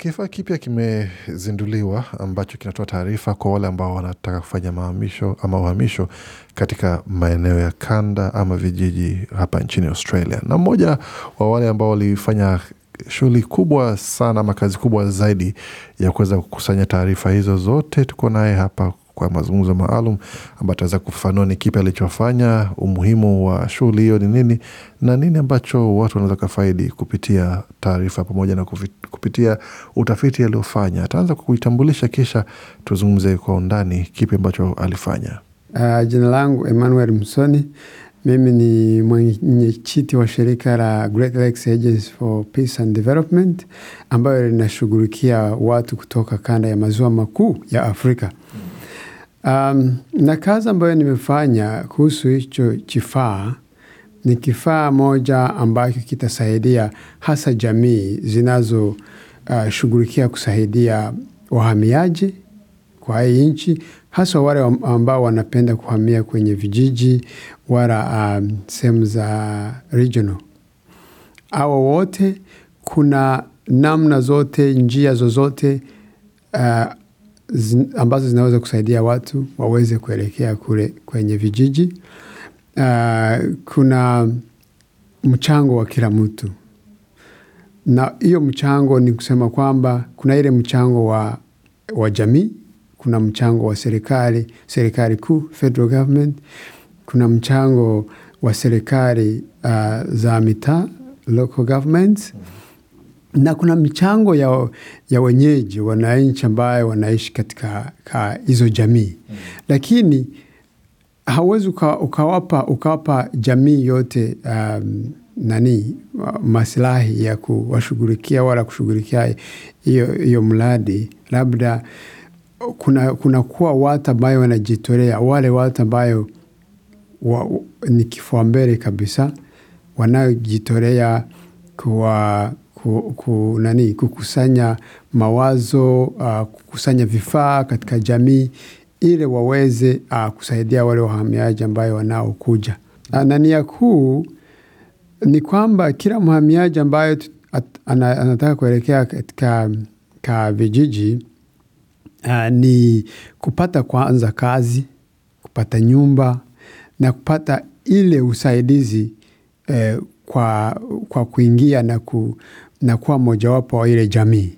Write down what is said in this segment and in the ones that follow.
Kifaa kipya kimezinduliwa ambacho kinatoa taarifa kwa wale ambao wanataka kufanya mahamisho ama uhamisho katika maeneo ya kanda ama vijiji hapa nchini Australia. Na mmoja wa wale ambao walifanya shughuli kubwa sana ama kazi kubwa zaidi ya kuweza kukusanya taarifa hizo zote, tuko naye hapa kwa mazungumzo maalum ambayo ataweza kufanua ni kipi alichofanya, umuhimu wa shughuli hiyo ni nini na nini ambacho watu wanaweza kafaidi kupitia taarifa pamoja na kupitia utafiti aliofanya. Ataanza kuitambulisha, kisha tuzungumze kwa undani kipi ambacho alifanya. Uh, jina langu Emmanuel Msoni. Mimi ni mwenyekiti wa shirika la Great Lakes Agency for Peace and Development ambayo linashughulikia watu kutoka kanda ya maziwa makuu ya Afrika. Um, na kazi ambayo nimefanya kuhusu hicho kifaa ni kifaa moja ambacho kitasaidia hasa jamii zinazoshughulikia uh, kusaidia wahamiaji kwa hii nchi, hasa wale ambao wanapenda kuhamia kwenye vijiji wala um, sehemu za regional. Hawa wote kuna namna zote, njia zozote uh, zin, ambazo zinaweza kusaidia watu waweze kuelekea kule kwenye vijiji. Uh, kuna mchango wa kila mtu, na hiyo mchango ni kusema kwamba kuna ile mchango wa, wa jamii, kuna mchango wa serikali, serikali kuu federal government, kuna mchango wa serikali uh, za mitaa local governments na kuna michango ya, ya wenyeji wananchi ambayo wanaishi katika hizo jamii mm. Lakini hauwezi ukawapa, ukawapa jamii yote um, nani masilahi ya kuwashughulikia wala kushughulikia hiyo mradi. Labda kuna, kuna kuwa watu ambayo wanajitolea, wale watu ambayo wa, ni kifua mbele kabisa, wanaojitolea kuwa ku, ku, nani, kukusanya mawazo uh, kukusanya vifaa katika jamii ili waweze uh, kusaidia wale wahamiaji ambayo wanaokuja. Uh, na nia kuu ni kwamba kila mhamiaji ambayo anataka kuelekea katika ka vijiji uh, ni kupata kwanza kazi, kupata nyumba na kupata ile usaidizi eh, kwa, kwa kuingia na ku, na kuwa mojawapo wa ile jamii.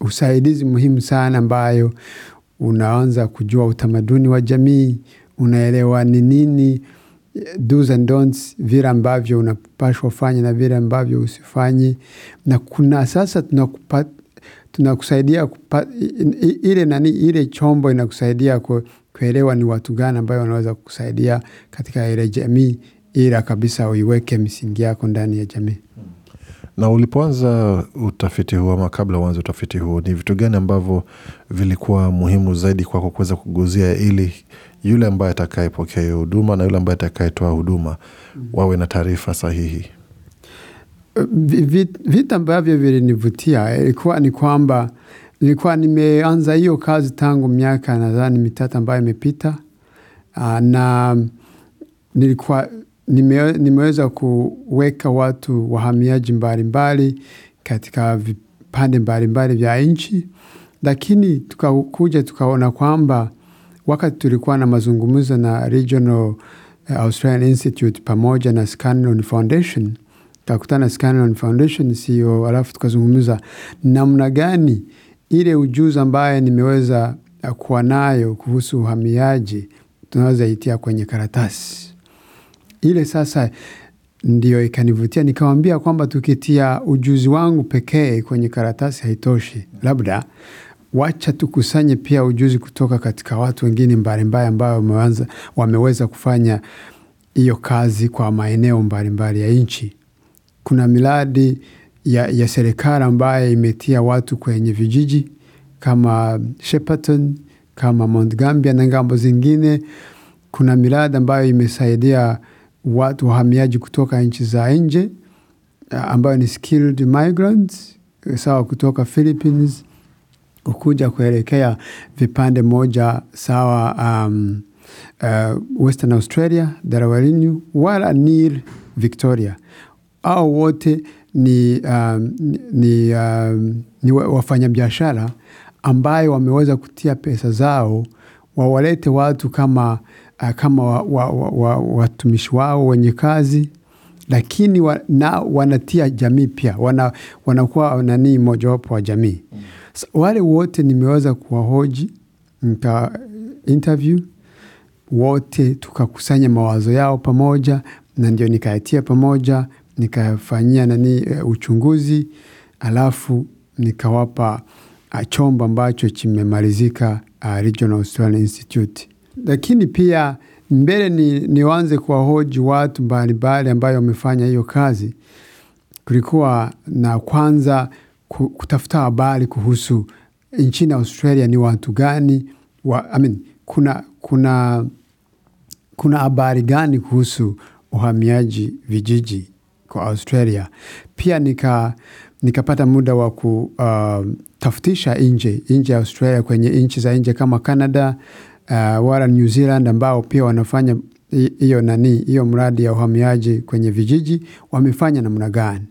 Usaidizi muhimu sana ambayo unaanza kujua utamaduni wa jamii, unaelewa ni nini do's and don'ts, vile ambavyo unapashwa fanya na vile ambavyo usifanyi na kuna sasa tunakusaidia tuna ile nani, ile chombo inakusaidia kuelewa ni watu gani ambayo wanaweza kukusaidia katika ile jamii, ila kabisa uiweke misingi yako ndani ya jamii. Na ulipoanza utafiti huo ama kabla uanze utafiti huo, ni vitu gani ambavyo vilikuwa muhimu zaidi kwako kuweza kuguzia ili yule ambaye atakayepokea hiyo huduma na yule ambaye atakayetoa huduma mm-hmm. wawe na taarifa sahihi? Vitu ambavyo vilinivutia ilikuwa ni kwamba nilikuwa nimeanza hiyo kazi tangu miaka nadhani mitatu ambayo imepita, na nilikuwa nime, nimeweza kuweka watu wahamiaji mbalimbali katika vipande mbalimbali vya nchi, lakini tukakuja tukaona kwamba wakati tulikuwa na mazungumzo na Regional eh, Australian Institute pamoja na Scanlon Foundation, tukakutana Scanlon Foundation CEO, alafu tukazungumza namna gani ile ujuzi ambaye nimeweza eh, kuwa nayo kuhusu uhamiaji tunaweza itia kwenye karatasi ile sasa ndiyo ikanivutia, nikawambia kwamba tukitia ujuzi wangu pekee kwenye karatasi haitoshi, labda wacha tukusanye pia ujuzi kutoka katika watu wengine mbalimbali ambayo wameweza kufanya hiyo kazi kwa maeneo mbalimbali ya nchi. Kuna miradi ya, ya serikali ambayo imetia watu kwenye vijiji kama Shepparton, kama Mount Gambier na ngambo zingine. Kuna miradi ambayo imesaidia watu wahamiaji kutoka nchi za nje eh, ambayo ni skilled migrants, eh, sawa, kutoka Philippines ukuja kuelekea vipande moja sawa, um, uh, Western Australia, Darawalinyu wala Nile Victoria, au wote ni, um, ni, um, ni wafanyabiashara ambayo wameweza kutia pesa zao wawalete watu kama uh, kama watumishi wa, wa, wa, wao wenye kazi lakini wa, na, wanatia jamii pia wana, wanakuwa nanii mojawapo wa jamii mm. So, wale wote nimeweza kuwahoji nka interview wote, tukakusanya mawazo yao pamoja, na ndio nikayatia pamoja, nikafanyia nani eh, uchunguzi, alafu nikawapa ah, chombo ambacho kimemalizika uh, Regional Australian Institute lakini pia mbele ni, niwanze kuwahoji watu mbalimbali ambayo wamefanya hiyo kazi. Kulikuwa na kwanza kutafuta habari kuhusu nchini Australia ni watu gani wa, I mean, kuna kuna kuna habari gani kuhusu uhamiaji vijiji kwa Australia. Pia nika nikapata muda wa kutafutisha uh, nje nje ya Australia kwenye nchi za nje kama Canada uh, wala New Zealand ambao pia wanafanya hiyo nani hiyo mradi ya uhamiaji kwenye vijiji wamefanya namna gani,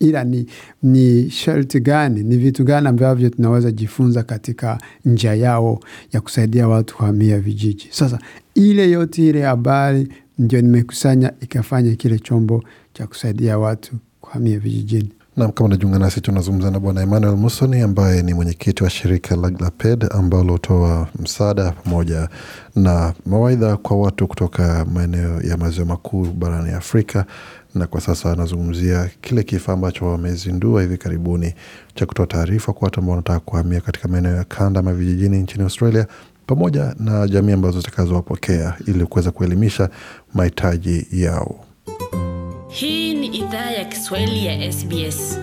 ila ni, ni sharti gani, ni vitu gani ambavyo tunaweza jifunza katika njia yao ya kusaidia watu kuhamia vijiji. Sasa ile yote ile habari ndio nimekusanya ikafanya kile chombo cha kusaidia watu kuhamia vijijini. Nam, kama unajiunga nasi, tunazungumza na Bwana Emmanuel Musoni ambaye ni mwenyekiti wa shirika la GLAPED ambalo hutoa msaada pamoja na mawaidha kwa watu kutoka maeneo ya maziwa makuu barani Afrika, na kwa sasa anazungumzia kile kifaa ambacho wamezindua hivi karibuni cha kutoa taarifa kwa watu ambao wanataka kuhamia katika maeneo ya kanda ama vijijini nchini Australia pamoja na jamii ambazo zitakazowapokea ili kuweza kuelimisha mahitaji yao. Hii ni idhaa ya Kiswahili ya SBS.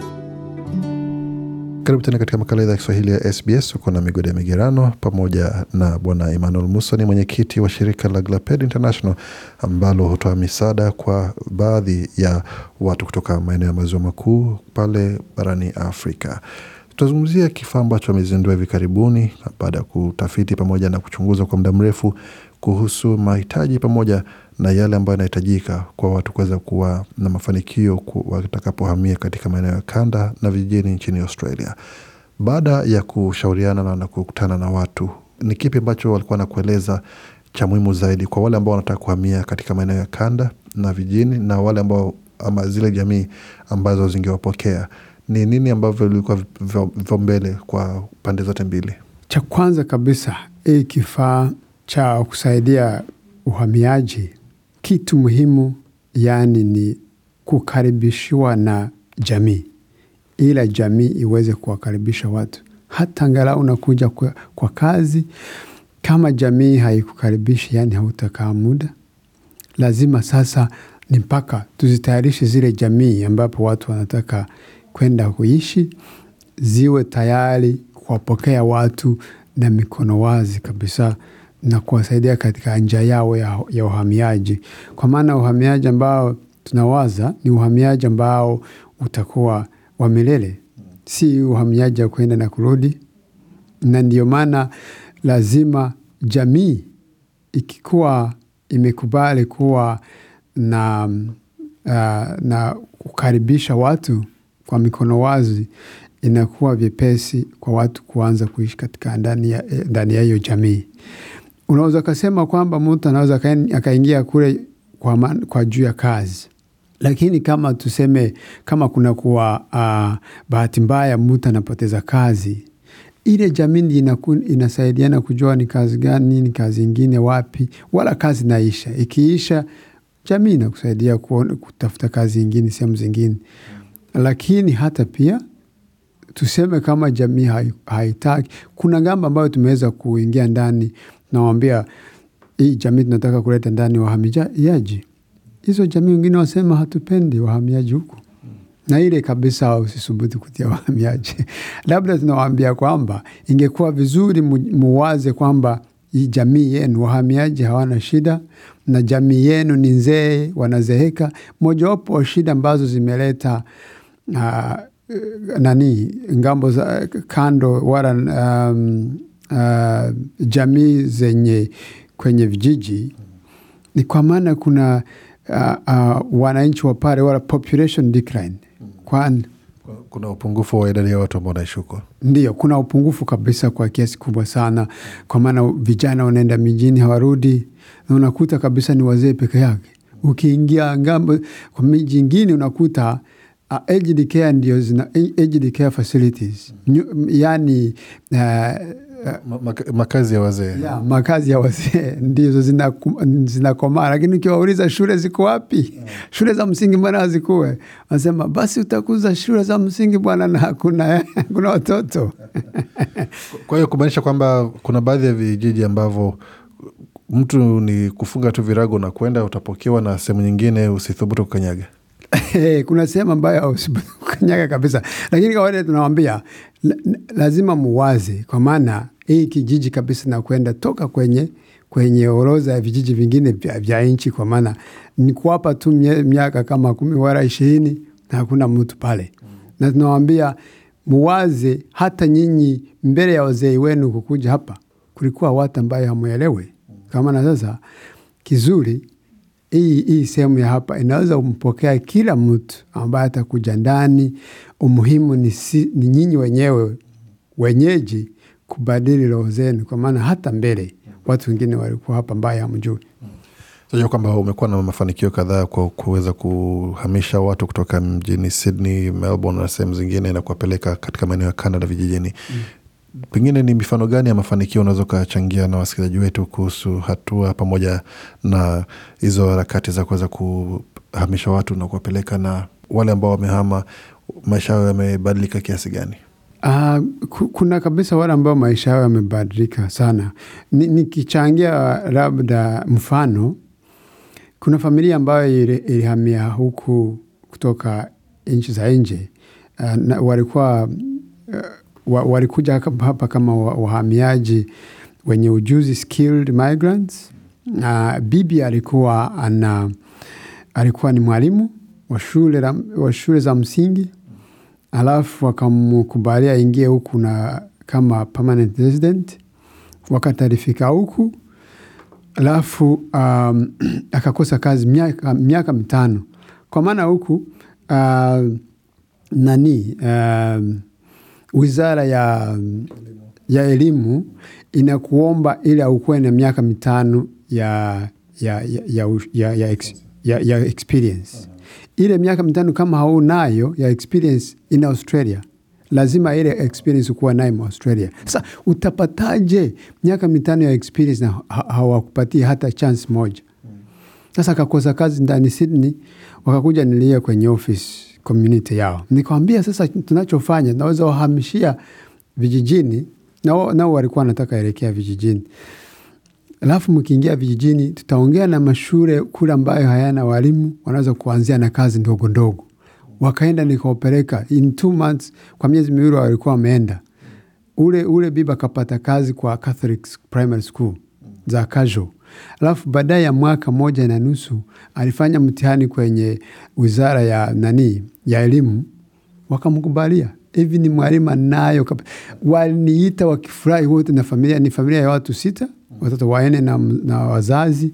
Karibu tena katika makala idhaa ya Kiswahili ya SBS. Uko na migode ya migerano pamoja na bwana Emmanuel Musoni, mwenyekiti wa shirika la Glaped International ambalo hutoa misaada kwa baadhi ya watu kutoka maeneo ya maziwa makuu pale barani Afrika. Tutazungumzia kifaa ambacho amezindua hivi karibuni baada ya kutafiti pamoja na kuchunguza kwa muda mrefu kuhusu mahitaji pamoja na yale ambayo yanahitajika kwa watu kuweza kuwa na mafanikio watakapohamia katika maeneo ya kanda na vijijini nchini Australia. Baada ya kushauriana na kukutana na watu, ni kipi ambacho walikuwa wanakueleza cha muhimu zaidi kwa wale ambao wanataka kuhamia katika maeneo ya kanda na vijijini na wale ambao ama zile jamii ambazo zingewapokea? Ni nini ambavyo vilikuwa mbele kwa pande zote mbili? Cha kwanza kabisa, hii kifaa cha kusaidia uhamiaji kitu muhimu yani ni kukaribishiwa na jamii, ila jamii iweze kuwakaribisha watu, hata angalau unakuja kwa, kwa kazi. Kama jamii haikukaribishi, yani hautakaa muda. Lazima sasa ni mpaka tuzitayarishe zile jamii ambapo watu wanataka kwenda kuishi, ziwe tayari kuwapokea watu na mikono wazi kabisa na kuwasaidia katika njia yao ya, ya uhamiaji, kwa maana uhamiaji ambao tunawaza ni uhamiaji ambao utakuwa wa milele, si uhamiaji wa kuenda na kurudi. Na ndio maana lazima jamii ikikuwa imekubali kuwa na, uh, na kukaribisha watu kwa mikono wazi, inakuwa vyepesi kwa watu kuanza kuishi katika ndani ya eh, hiyo jamii unaweza ukasema kwamba mtu anaweza akaingia kule kwa, man, kwa juu ya kazi, lakini kama tuseme kama kuna kuwa uh, bahati mbaya mtu anapoteza kazi, ile jamii inasaidiana kujua ni kazi gani, ni kazi ingine wapi, wala kazi naisha. Ikiisha jamii inakusaidia kutafuta kazi ingine sehemu zingine, lakini hata pia tuseme kama jamii haitaki, kuna ngambo ambayo tumeweza kuingia ndani nawambia hii jamii tunataka kuleta ndani wahamiaji. Hizo jamii wengine wasema hatupendi wahamiaji huku, na ile kabisa usisubuti kutia wahamiaji labda tunawaambia kwamba ingekuwa vizuri muwaze kwamba hii jamii yenu wahamiaji hawana shida, na jamii yenu ni nzee, wanazeeka. Mojawapo wa shida ambazo zimeleta uh, nani ngambo za kando wala um, uh, jamii zenye kwenye vijiji ni kwa maana kuna uh, uh, wananchi wa pale wala population decline Kwan, kuna upungufu wa idadi ya watu ambao wanaishi huko. Ndio, kuna upungufu kabisa kwa kiasi kubwa sana, kwa maana vijana wanaenda mijini hawarudi, na unakuta kabisa ni wazee peke yake. Ukiingia ngambo kwa miji ingine unakuta uh, aged care ndio zina aged care facilities, yani uh, Eh, makazi ya wazee yeah, makazi ya wazee ndizo zinakomaa zina, lakini ukiwauliza shule ziko wapi? yeah. shule za msingi mbona hazikuwe? Wanasema basi utakuza shule za msingi bwana, na hakuna eh, kuna watoto kwa hiyo kumaanisha kwamba kuna baadhi ya vijiji ambavyo mtu ni kufunga tu virago na kwenda utapokewa, na sehemu nyingine usithubutu kukanyaga. Eh, kuna sehemu ambayo usithubutu kabisa, lakini kawaida tunawambia lazima muwaze, kwa maana hii kijiji kabisa na kwenda toka kwenye kwenye orodha ya vijiji vingine vya nchi, kwa maana ni kuwapa tu miaka kama kumi wala ishirini na hakuna mtu pale, mm. na tunawaambia muwaze, hata nyinyi mbele ya wazee wenu kukuja hapa kulikuwa watu ambayo hamwelewe mm. kwa maana sasa kizuri hii hii sehemu ya hapa inaweza kumpokea kila mtu ambaye atakuja ndani. Umuhimu ni, si, ni nyinyi wenyewe wenyeji kubadili roho zenu, kwa maana hata mbele watu wengine walikuwa hapa ambaye hamjui. Tunajua kwamba umekuwa na mafanikio kadhaa kwa kuweza kuhamisha watu kutoka mjini Sydney, Melbourne na sehemu zingine na kuwapeleka katika maeneo ya Canada vijijini. Mm pengine ni mifano gani ya mafanikio unaweza ukachangia na wasikilizaji wetu kuhusu hatua pamoja na hizo harakati za kuweza kuhamisha watu na kuwapeleka na wale ambao wamehama maisha yao yamebadilika kiasi gani? Uh, kuna kabisa wale ambao maisha yao yamebadilika sana. Nikichangia ni labda mfano, kuna familia ambayo ilihamia huku kutoka nchi za nje uh, walikuwa uh, wa, walikuja hapa kama wahamiaji wenye ujuzi skilled migrants. Na bibi alikuwa ana, alikuwa ni mwalimu wa shule, wa shule za msingi alafu wakamkubalia aingie huku na kama permanent resident. Wakati alifika huku alafu um, akakosa kazi miaka, miaka mitano kwa maana huku uh, nani uh, wizara ya, ya elimu inakuomba ili aukuwe na miaka mitano ya, ya, ya, ya, ya, ya, ya, ya experience. Ile miaka mitano kama haunayo ya experience in Australia lazima ile experience kuwa naye Australia. Sasa utapataje miaka mitano ya experience na hawakupatii hata chance moja? Sasa akakosa kazi ndani Sydney, wakakuja nilia kwenye ofisi community yao. Nikawambia sasa, tunachofanya naweza wahamishia vijijini, nao na walikuwa wanataka elekea vijijini, alafu mkiingia vijijini, tutaongea na mashule kule ambayo hayana walimu, wanaweza kuanzia na kazi ndogo ndogo. Wakaenda nikawapeleka in two months, kwa miezi miwili walikuwa wameenda ule ule biba akapata kazi kwa Catholic primary school za Kajo. Alafu baadaye ya mwaka moja na nusu alifanya mtihani kwenye wizara ya nani ya elimu, wakamkubalia hivi ni mwalimu nayo. Waliniita wakifurahi wote na familia, ni familia ya watu sita, watoto waene na, na wazazi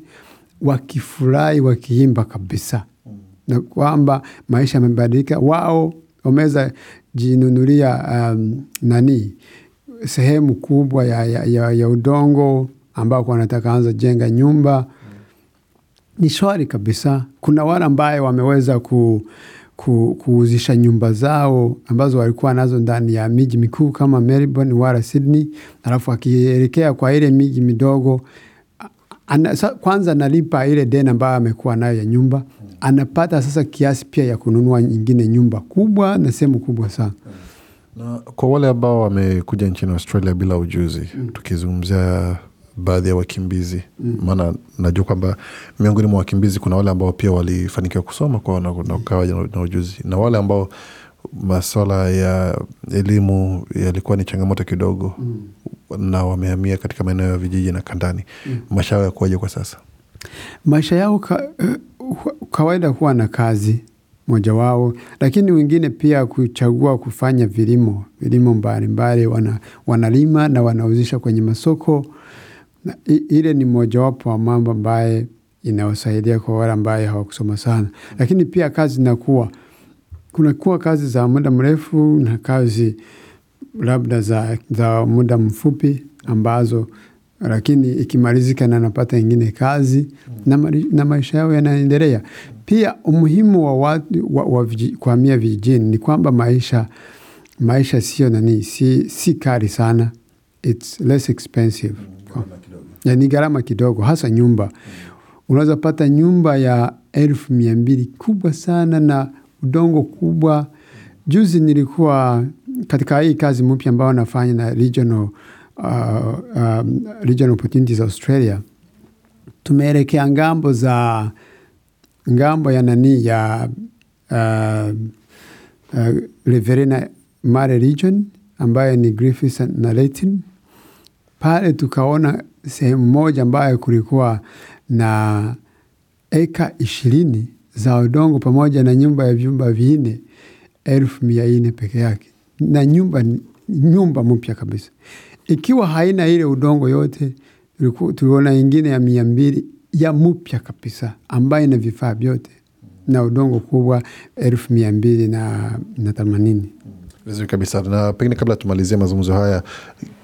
wakifurahi, wakiimba kabisa na kwamba maisha yamebadilika. Wao wameweza jinunulia um, nani sehemu kubwa ya, ya, ya, ya udongo ambao wanataka anza jenga nyumba. Ni shwari kabisa. Kuna wale ambaye wameweza ku, ku, kuuzisha nyumba zao ambazo walikuwa nazo ndani ya miji mikuu kama Melbourne wala Sydney, alafu akielekea kwa ile miji midogo ana, sa, kwanza analipa ile deni ambayo amekuwa nayo ya nyumba, anapata sasa kiasi pia ya kununua nyingine nyumba kubwa na sehemu kubwa sana. Na kwa wale ambao wamekuja nchini Australia bila ujuzi mm, tukizungumzia baadhi ya wakimbizi mm. maana mm. najua kwamba miongoni mwa wakimbizi kuna wale ambao pia walifanikiwa kusoma kwa na, na ukawa na ujuzi na wale ambao maswala ya elimu yalikuwa ni changamoto kidogo mm. na wamehamia katika maeneo ya vijiji na kandani mm. maisha yao yakuwaje kwa sasa? Maisha yao ka, eh, kawaida huwa na kazi moja wao, lakini wengine pia kuchagua kufanya vilimo vilimo mbalimbali, wanalima wana na wanauzisha kwenye masoko na ile ni mojawapo wa mambo ambaye inawasaidia kwa wale ambaye hawakusoma sana, lakini pia kazi inakuwa kunakuwa kazi za muda mrefu na kazi labda za, za muda mfupi ambazo lakini ikimalizika na anapata ingine kazi mm. na maisha yao yanaendelea mm. Pia umuhimu wa, wa, wa, wa kuhamia vijijini ni kwamba maisha maisha sio nani, si, si kari sana, it's less expensive mm ni gharama kidogo, hasa nyumba. Unaweza pata nyumba ya elfu mia mbili kubwa sana na udongo kubwa. Juzi nilikuwa katika hii kazi mpya ambayo nafanya na regional, uh, um, regional opportunities Australia, tumeelekea ngambo za ngambo ya nani ya uh, uh, Riverina Mare region ambayo ni Griffith na Latin. Pale tukaona sehemu moja ambayo kulikuwa na eka ishirini za udongo pamoja na nyumba ya vyumba vinne elfu mia nne peke yake, na nyumba nyumba mpya kabisa ikiwa haina ile udongo yote. Tuliona ingine ya mia mbili ya mpya kabisa ambayo ina vifaa vyote na udongo kubwa elfu mia mbili na themanini. Vizuri kabisa. Na pengine kabla tumalizie mazungumzo haya,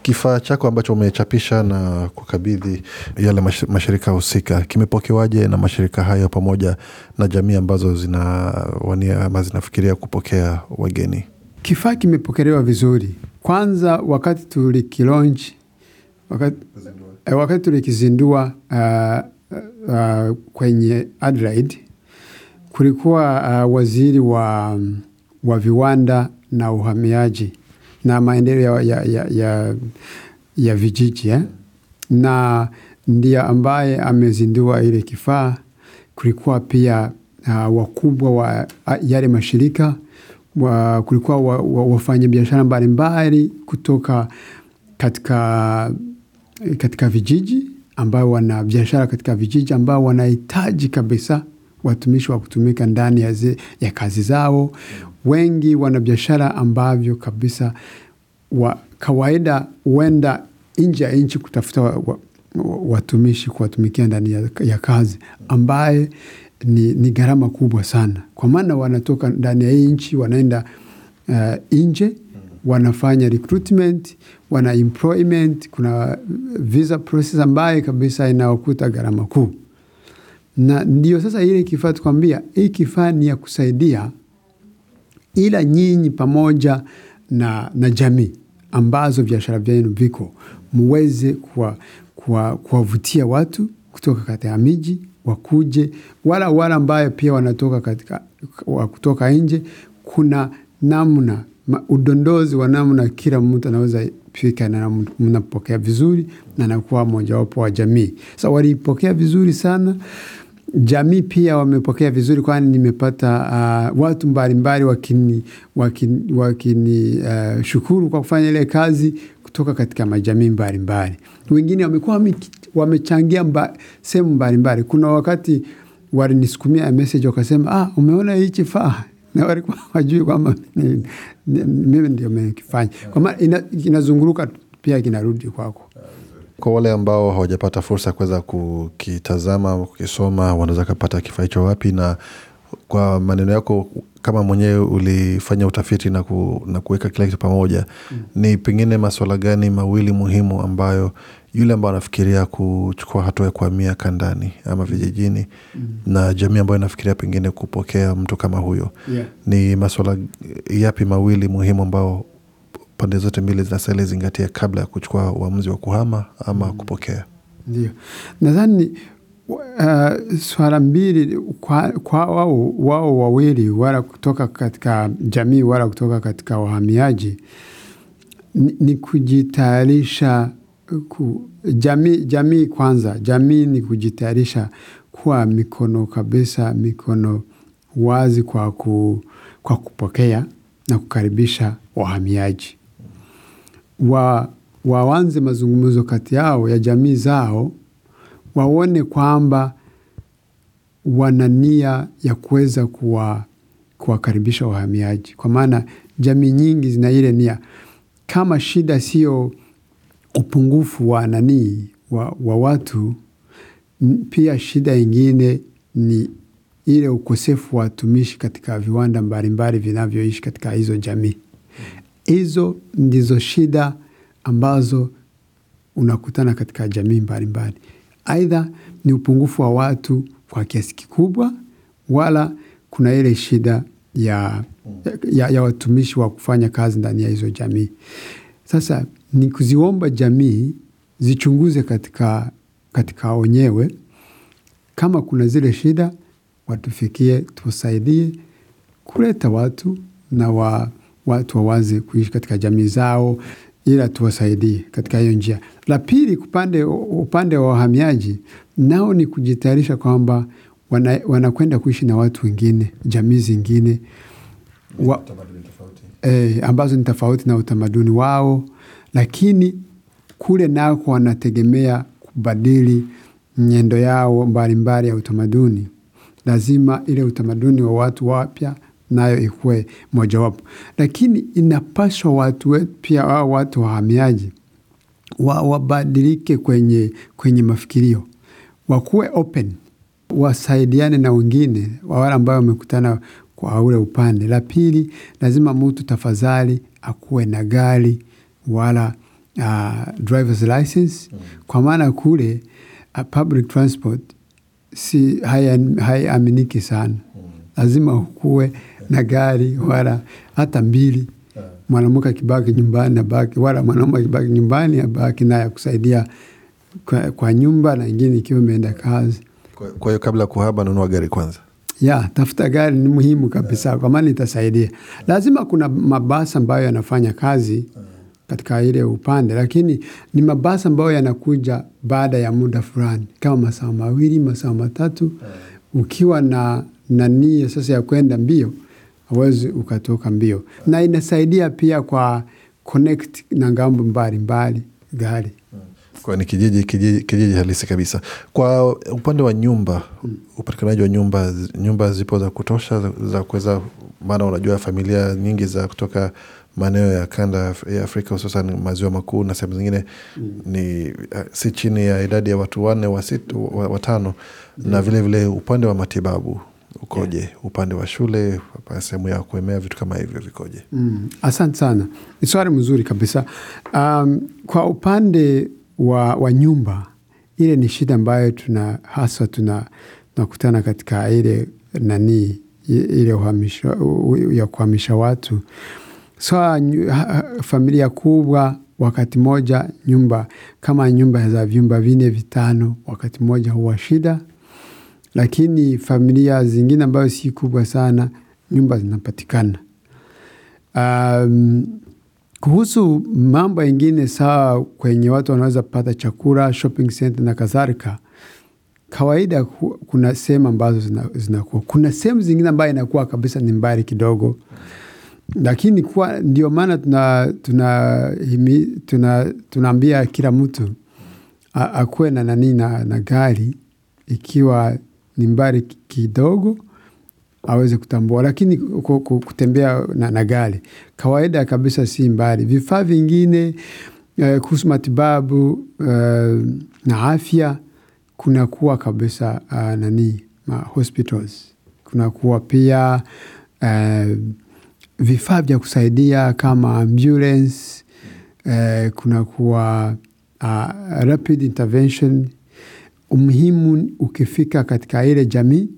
kifaa chako ambacho umechapisha na kukabidhi yale mashirika husika kimepokewaje na mashirika hayo pamoja na jamii ambazo zinawania ama zinafikiria kupokea wageni? Kifaa kimepokelewa vizuri. Kwanza wakati tulikilonch, wakati, eh, wakati tulikizindua uh, uh, kwenye Adelaide kulikuwa uh, waziri wa, wa viwanda na uhamiaji na maendeleo ya, ya, ya, ya vijiji eh? na ndiye ambaye amezindua ile kifaa. Kulikuwa pia uh, wakubwa wa ah, yale mashirika wa, kulikuwa wa, wa, biashara mbalimbali kutoka katika, katika vijiji ambao wana biashara katika vijiji ambao wanahitaji kabisa watumishi wa kutumika ndani ya, ze, ya kazi zao wengi wana biashara ambavyo kabisa wa kawaida huenda nje ya nchi kutafuta wa, wa, watumishi kuwatumikia ndani ya, ya kazi ambaye ni, ni gharama kubwa sana, kwa maana wanatoka ndani ya hii nchi wanaenda uh, nje wanafanya recruitment, wana employment, kuna visa process ambaye kabisa inaokuta gharama kuu, na ndio sasa ile kifaa tukwambia, hii kifaa ni ya kusaidia ila nyinyi pamoja na, na jamii ambazo biashara vyenu viko muweze kuwavutia watu kutoka katika miji wakuje, wala wala ambayo pia wanatoka katika, kutoka nje. Kuna namna udondozi wa namna kila mtu anaweza fika na mnapokea vizuri na nakuwa mojawapo wa jamii. Sa so, walipokea vizuri sana. Jamii pia wamepokea vizuri, kwani nimepata uh, watu mbalimbali wakini, wakini, wakini uh, shukuru kwa kufanya ile kazi kutoka katika majamii mbalimbali. Wengine wamekuwa wamechangia mba, sehemu mbalimbali. Kuna wakati walinisukumia message wakasema, ah, umeona hii kifaa na walikuwa wajui kwamba mimi ndio mekifanya, kwa maana inazunguruka pia kinarudi kwako. Kwa wale ambao hawajapata fursa kuweza kukitazama, kukisoma, wanaweza kapata kifaa hicho wapi na kwa maneno yako kama mwenyewe ulifanya utafiti na, ku, na kuweka kila kitu pamoja mm. Ni pengine maswala gani mawili muhimu ambayo yule ambao anafikiria kuchukua hatua ya kuhamia kandani ama mm. vijijini mm. na jamii ambayo inafikiria pengine kupokea mtu kama huyo yeah. Ni maswala yapi mawili muhimu ambao pande zote mbili zinastahili zingatia kabla ya kuchukua uamuzi wa kuhama ama mm. kupokea. Ndio, nadhani uh, swala mbili kwa, wao, wao wawili wala kutoka katika jamii wala kutoka katika wahamiaji ni, ni kujitayarisha ku, jamii, jamii kwanza, jamii ni kujitayarisha kuwa mikono kabisa, mikono wazi kwa, ku, kwa kupokea na kukaribisha wahamiaji wa, waanze mazungumzo kati yao ya jamii zao, waone kwamba wana nia ya kuweza kuwa kuwakaribisha wahamiaji, kwa maana jamii nyingi zina ile nia. Kama shida sio upungufu wa nanii wa, wa watu, pia shida ingine ni ile ukosefu wa watumishi katika viwanda mbalimbali vinavyoishi katika hizo jamii. Hizo ndizo shida ambazo unakutana katika jamii mbalimbali. Aidha ni upungufu wa watu kwa kiasi kikubwa, wala kuna ile shida ya, ya, ya watumishi wa kufanya kazi ndani ya hizo jamii. Sasa ni kuziomba jamii zichunguze katika, katika wenyewe kama kuna zile shida watufikie, tusaidie kuleta watu na wa watu waweze kuishi katika jamii zao, ila tuwasaidie katika hiyo njia. La pili, upande, upande wa wahamiaji nao ni kujitayarisha kwamba wanakwenda wana kuishi na watu wengine, jamii zingine wa, eh, ambazo ni tofauti na utamaduni wao, lakini kule nako wanategemea kubadili nyendo yao mbalimbali ya utamaduni. Lazima ile utamaduni wa watu wapya nayo ikuwe mojawapo, lakini inapaswa watu wetu pia wa watu wahamiaji wa, wabadilike kwenye, kwenye mafikirio, wakuwe open, wasaidiane na wengine wa wale ambayo wamekutana kwa ule upande. La pili, lazima mtu tafadhali akuwe na gari wala uh, drivers license mm. Kwa maana kule uh, public transport si haiaminiki sana mm. Lazima ukuwe na gari wala hata mbili mwanamke akibaki nyumbani abaki, wala mwanaume akibaki nyumbani abaki naye akusaidia kwa, kwa nyumba na ingine ikiwa imeenda kazi. Kwa hiyo kabla ya kuhaba, nunua gari kwanza. Ya, tafuta gari ni muhimu kabisa yeah. Kwa maana itasaidia. Lazima kuna mabasi ambayo yanafanya kazi katika ile upande, lakini ni mabasi ambayo yanakuja baada ya muda fulani kama masaa mawili masaa matatu, ukiwa na, na sasa ya kwenda mbio hawezi ukatoka mbio, na inasaidia pia kwa connect na ngambo mbalimbali gari kwa ni kijiji, kijiji, kijiji halisi kabisa. Kwa upande wa nyumba, upatikanaji wa nyumba, nyumba zipo za kutosha za, kuweza, maana unajua familia nyingi za kutoka maeneo ya kanda ya Afrika hususan maziwa makuu na sehemu zingine mm. ni eh, si chini ya idadi ya watu wanne watano wa, wa, wa, na vilevile vile upande wa matibabu ukoje? Yeah. Upande wa shule, sehemu ya kuemea, vitu kama hivyo vikoje? Mm, asante sana, ni swali mzuri kabisa. Um, kwa upande wa, wa nyumba, ile ni shida ambayo tuna haswa tunakutana tuna katika ile nanii ile ya kuhamisha watu swala so, familia kubwa wakati moja nyumba kama nyumba za vyumba vine vitano wakati moja huwa shida lakini familia zingine ambayo si kubwa sana nyumba zinapatikana. Um, kuhusu mambo yengine sawa kwenye watu wanaweza pata chakula, shopping center na kadhalika, kawaida kuna sehemu ambazo zinakuwa, kuna sehemu zingine ambayo inakuwa kabisa ni mbali kidogo, lakini kuwa ndio maana tunaambia tuna, tuna, tuna kila mtu akuwe na nanii na, na gari ikiwa ni mbali kidogo aweze kutambua, lakini kutembea na, na gari kawaida kabisa si mbali. Vifaa vingine eh, kuhusu matibabu eh, na afya kunakuwa kabisa uh, nani hospitals kunakuwa pia uh, vifaa vya kusaidia kama ambulance uh, eh, kunakuwa uh, ah, rapid intervention umuhimu ukifika katika ile jamii,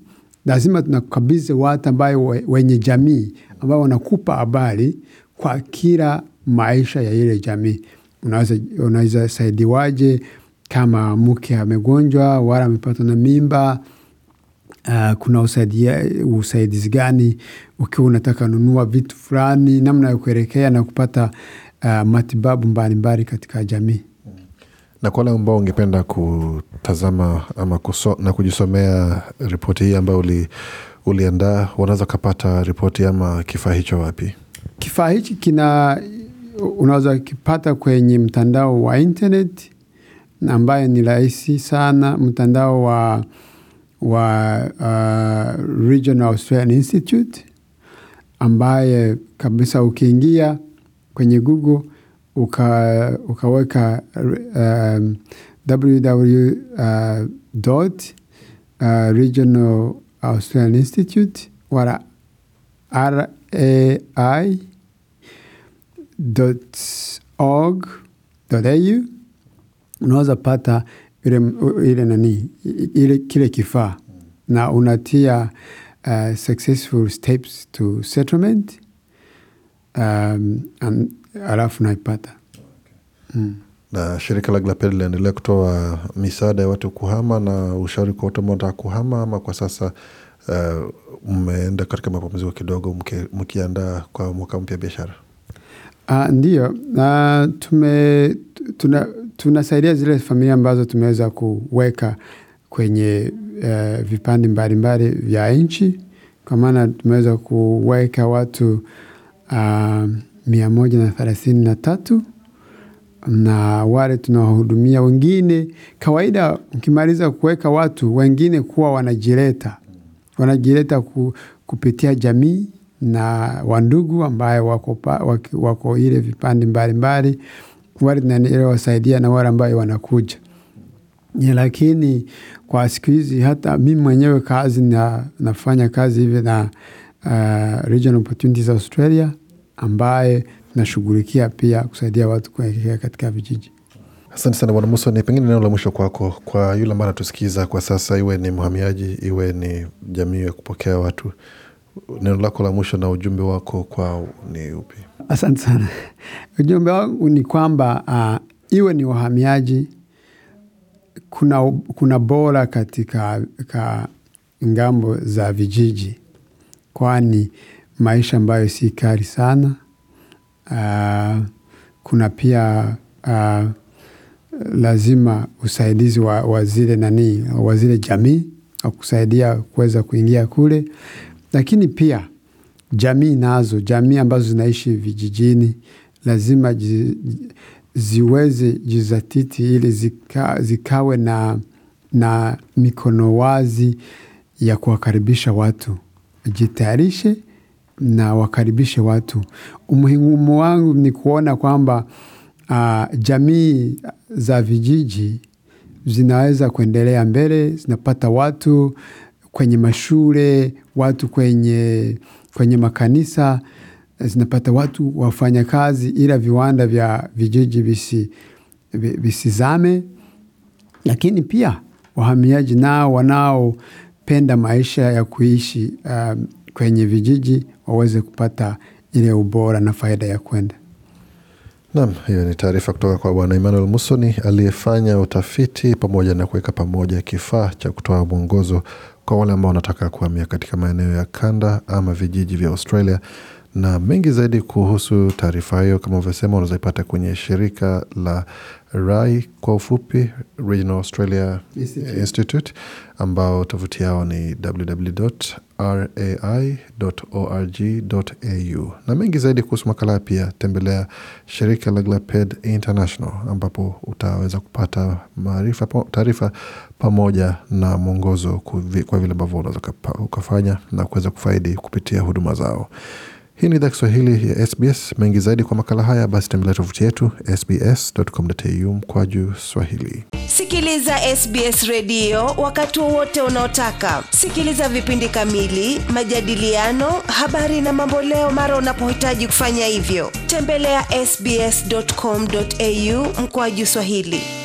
lazima tunakabidhi watu ambayo wenye jamii ambao wanakupa habari kwa kila maisha ya ile jamii. Unaweza, unaweza saidiwaje kama mke amegonjwa wala amepatwa na mimba? Uh, kuna usaidia, usaidizi gani ukiwa unataka nunua vitu fulani, namna ya kuelekea na kupata uh, matibabu mbalimbali katika jamii. Na kwa wale ambao ungependa kutazama ama kuso, na kujisomea ripoti hii ambayo uli, uliandaa, wanaweza ukapata ripoti ama kifaa hicho wapi? Kifaa hichi kina unaweza kipata kwenye mtandao wa internet ambayo ni rahisi sana, mtandao wa, wa uh, Regional Australian Institute ambaye kabisa ukiingia kwenye Google uka, ukaweka um, www uh, regional Australian Institute wala rai org au unaweza pata ile, ile nani ile kile kifaa na unatia uh, successful steps to settlement um, and halafu naipata mm. Na shirika la Glaped linaendelea kutoa misaada ya watu kuhama na ushauri kwa watu ambao wanataka kuhama, ama kwa sasa uh, mmeenda katika mapumziko kidogo mkiandaa kwa mwaka mpya biashara? Uh, ndio uh, tume tuna, tunasaidia zile familia ambazo tumeweza kuweka kwenye uh, vipande mbalimbali vya nchi, kwa maana tumeweza kuweka watu uh, mia moja na thelathini na tatu na wale tunawahudumia wengine, kawaida ukimaliza kuweka watu wengine kuwa wanajileta wanajileta ku, kupitia jamii na wandugu ambaye wako, wako, wako ile vipande mbalimbali wale tunaendelea wasaidia na wale ambayo wanakuja ya, lakini kwa siku hizi hata mimi mwenyewe kazi na, nafanya kazi hivi na uh, Regional Opportunities Australia ambaye nashughulikia pia kusaidia watu kuelekea katika vijiji. Asante sana Bwana Ni pengine neno la mwisho kwako kwa, kwa yule ambaye anatusikiza kwa sasa, iwe ni mhamiaji, iwe ni jamii ya kupokea watu, neno lako la mwisho na ujumbe wako kwao ni upi? Asante sana. Ujumbe wangu ni kwamba uh, iwe ni wahamiaji, kuna, kuna bora katika ka ngambo za vijiji kwani maisha ambayo si kali sana. Uh, kuna pia uh, lazima usaidizi wa, wa zile nani wa zile jamii wakusaidia kuweza kuingia kule, lakini pia jamii nazo, jamii ambazo zinaishi vijijini lazima zi, ziweze jizatiti ili zika, zikawe na, na mikono wazi ya kuwakaribisha watu, jitayarishe na wakaribishe watu. Umuhimu wangu ni kuona kwamba uh, jamii za vijiji zinaweza kuendelea mbele, zinapata watu kwenye mashule, watu kwenye, kwenye makanisa, zinapata watu wafanya kazi, ila viwanda vya vijiji visi, visizame. Lakini pia wahamiaji nao wanaopenda maisha ya kuishi um, kwenye vijiji waweze kupata ile ubora na faida ya kwenda Nam, hiyo ni taarifa kutoka kwa Bwana Emmanuel Musoni aliyefanya utafiti pamoja na kuweka pamoja kifaa cha kutoa mwongozo kwa wale ambao wanataka kuhamia katika maeneo ya kanda ama vijiji vya Australia na mengi zaidi kuhusu taarifa hiyo kama ulivyosema, unazoipata kwenye shirika la RAI kwa ufupi, Regional Australia Institute, Institute ambao tovuti yao ni www.rai.org.au, na mengi zaidi kuhusu makala pia tembelea shirika la Glaped International ambapo utaweza kupata maarifa, taarifa pamoja na mwongozo kwa vile ambavyo unaweza ukafanya na kuweza kufaidi kupitia huduma zao. Hii ni idhaa Kiswahili ya SBS. Mengi zaidi kwa makala haya, basi tembelea tovuti yetu sbs.com.au juu swahili. Sikiliza SBS redio wakati wowote unaotaka. Sikiliza vipindi kamili, majadiliano, habari na mamboleo mara unapohitaji kufanya hivyo. Tembelea ya sbs.com.au juu swahili.